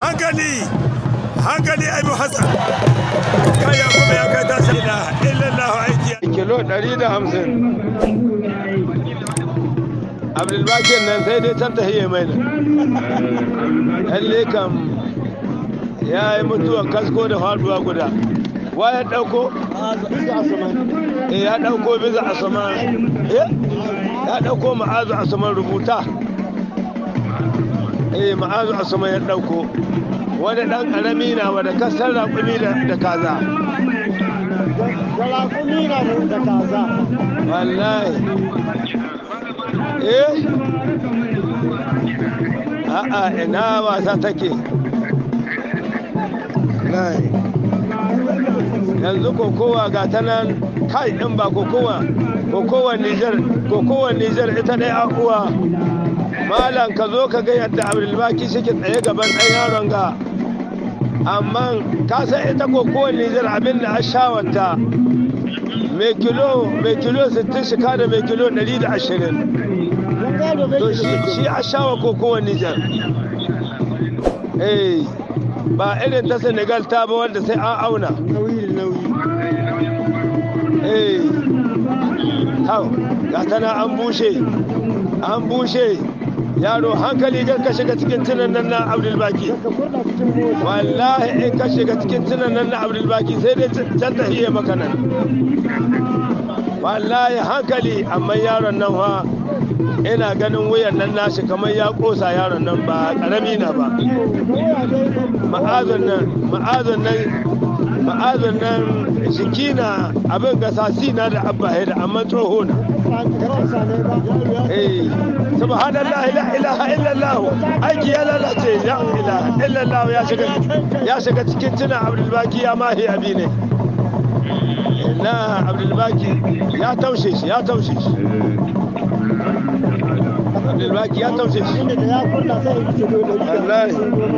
hankali hankali abu hassan kaya kuma ya kai tashi ila illallah aiki kilo 150 abdulbakin nan sai dai can tahiyya mai nan lalle kam ya yi mutuwa kasko da faduwa guda wa ya dauko eh, ya dauko bisa a sama eh, ya dauko ma'azu a saman rubuta eh ma'azu a sama ya ɗauko wani ɗan ƙarami na wanda kasar raƙumi da kaza da raƙumi na da kaza wallahi eh a'a ina wasa take yanzu kokowa ga ta nan kai ɗin ba kokowa kokowa nijar ita ɗaya uwa malam ka zo ka ga yadda abdulbaki suke tsaye gaban ɗan yaron ga amma ka san ita ko kowane nijar abin da a shawanta mai kilo mai kilo 60 shika da mai kilo 120 to shi a shawa ko kowane nijar eh ba irin ta senegal ta ba wanda sai an auna eh hau ga tana an bushe an bushe yaro hankali kan ka shiga cikin tunan nan na baki wallahi in ka shiga cikin tunan nan na baki sai dai can ta iya maka nan wallahi hankali amma yaron nan fa ina ganin wuyan nan nashi kamar ya kosa yaron nan ba karami na ba ma'azin nan ma'azin nan ma'azin nan na abin gasa na da abba da amma tsoho na eh. subhanallah la ilaha illallah aiki ya lalace la ilaha illallah ya shiga ya shiga cikin tuna abdulbaki ya mahi abi ne na abdulbaki ya taushe shi ya taushe shi abdulbaki ya taushe shi wallahi